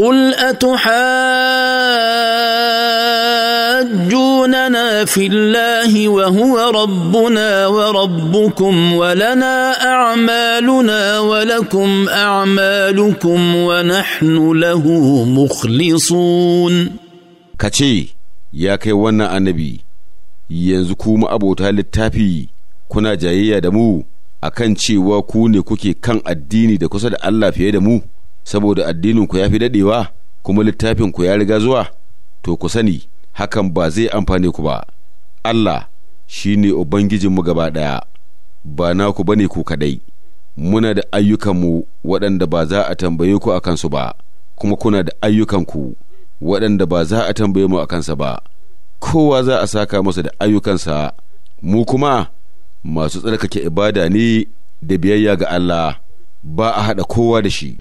قل اتحاجوننا في الله وهو ربنا وربكم ولنا اعمالنا ولكم اعمالكم ونحن له مخلصون kace ya kai wannan anabi? yanzu kuma abota littafi kuna jayayya da mu akan cewa ku ne kuke kan addini da kusa da Allah fiye da mu saboda addinin ku ya fi daɗewa kuma littafin ku ya riga zuwa to ku sani hakan ba zai amfane ku ba Allah shi ne Ubangijinmu gaba ɗaya ba naku ba ne ku kaɗai muna da ayyukanmu waɗanda ba za a tambaye ku a kansu ba kuma kuna da ayyukanku waɗanda ba za a tambaye mu a kansa ba kowa za a saka masa da ayyukansa mu kuma masu tsarkake ibada ne da biyayya ga Allah ba a haɗa kowa da shi